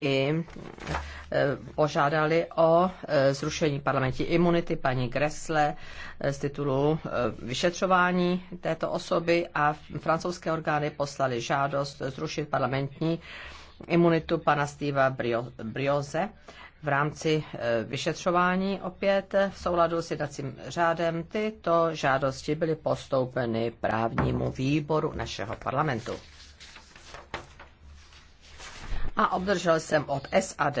i e, požádali o e, zrušení parlamentní imunity paní Gressle e, z titulu vyšetřování této osoby a francouzské orgány poslali žádost zrušit parlamentní imunitu pana Steva Brioze v rámci vyšetřování opět v souladu s jednacím řádem. Tyto žádosti byly postoupeny právnímu výboru našeho parlamentu a obdržel jsem od SAD